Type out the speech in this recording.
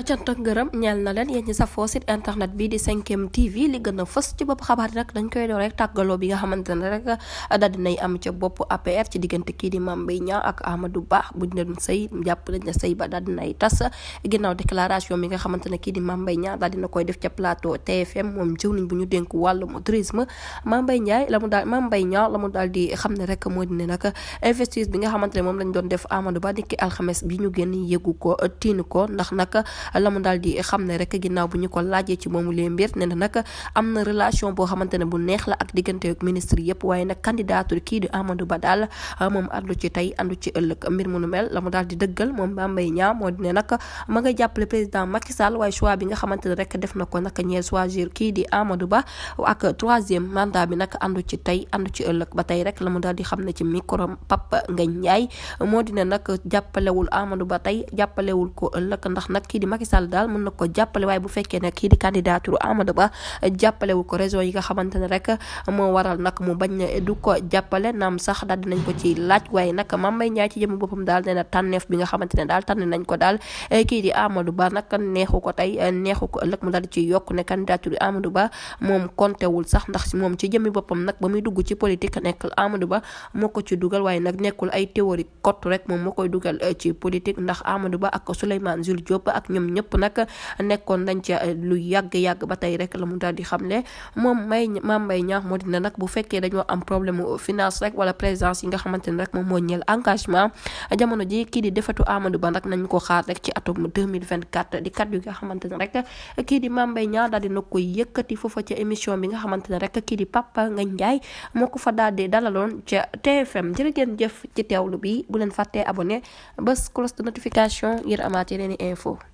cant ak ngërëm ñeel na leen yéen ñi safoo site internet bi di 5M TV li gën a fës ci bopp xabaar rek dañ koy door rek tàggaloo bi nga xamante ne rek daal dinay am ca bopp APR ci diggante kii di ma Mbaye Niang ak Amadou Ba buñ leen sëy jàpp nañ ne sëy ba daal dinay tas ginnaaw déclaration bi nga xamante ne kii di Mame Mbaye Niang dina koy def ca plateau TFM moom jëw nañ bu ñu dénk wàllum tourisme ma mbay Niang la mu daal ma mbay Niang la mu daal di xam ne rek moo di ne nag investissement bi nga xamante ne moom lañ doon def Amadou Ba niki alxames bi ñu génn yëgu ko tiinu ko ndax nag la mu daal di xam ne rek ginnaaw bu ñu ko laajee ci moomu lee mbir ne na am na relation boo xamante ne bu neex la ak diggante ak ministre yëpp waaye nag candidature kii di Amadou Ba daal ah, moom àndu ci tey àndu ci ëllëg mbir mu mel mu daal di dëggal moom Mame Mbaye Niang moo di ne nag ma nga jàppale président Macky Sall waaye bi nga xamante ne rek def na ko nag ñee choisir kii di Amadou Ba ak troisième mandat bi nag àndu ci tey àndu ci ëllëg ba tey rek la mu daal di xam ne ci micro Pape Ngagne ñaay moo di ne nag jàppalewul Amadou Ba tey jàppalewul ko ëllëg ndax nag kii di Macky Macky Sall daal mën na ko jàppale waaye bu fekkee nag kii di candidature Amadou Ba jàppale wu ko raison yi nga xamante ne rek moo waral nag mu bañ ne du ko jàppale naam sax daal dinañ ko ci laaj waaye nag Mame Mbaye Niang ci jëm boppam daal na tànneef bi nga eh, Ba nag neexu ko tey eh, neexu ko ëllëg mu daal ci yokk ne candidature Amadou Ba moom kontewul sax ndax moom ci jëmmi boppam nag ba muy dugg ko ci dugal waaye nag nekkul ay théorie kott rek moom moo koy dugal eh, ci politique ndax Amadou Ba ak Souleymane Jules Diop ak ñoom ñëpp nag nekkoon nañ ca eh, lu yàgg-yàgg ba tey rek la mu daal di xamle moom may maam mbay ñaax moo dina nag bu fekkee dañoo am problème finance rek wala présence yi nga xamante ne rek moom moo ñeel engagement jamono ji kii di defatu Amadou Ba nag nañ ko xaar rek ci atum 2024 di kàddu yi nga xamante ne rek kii di maam mbay ñaax daal dina ko yëkkati foofa ci émission bi nga xamante ne rek kii di Papa Ngagne Ndiaye moo ko fa daal dalaloon ca TFM jërë ngeen jëf ci teewlu bi bu leen fàttee abone bés cloche de notification ngir amaat yeneen i info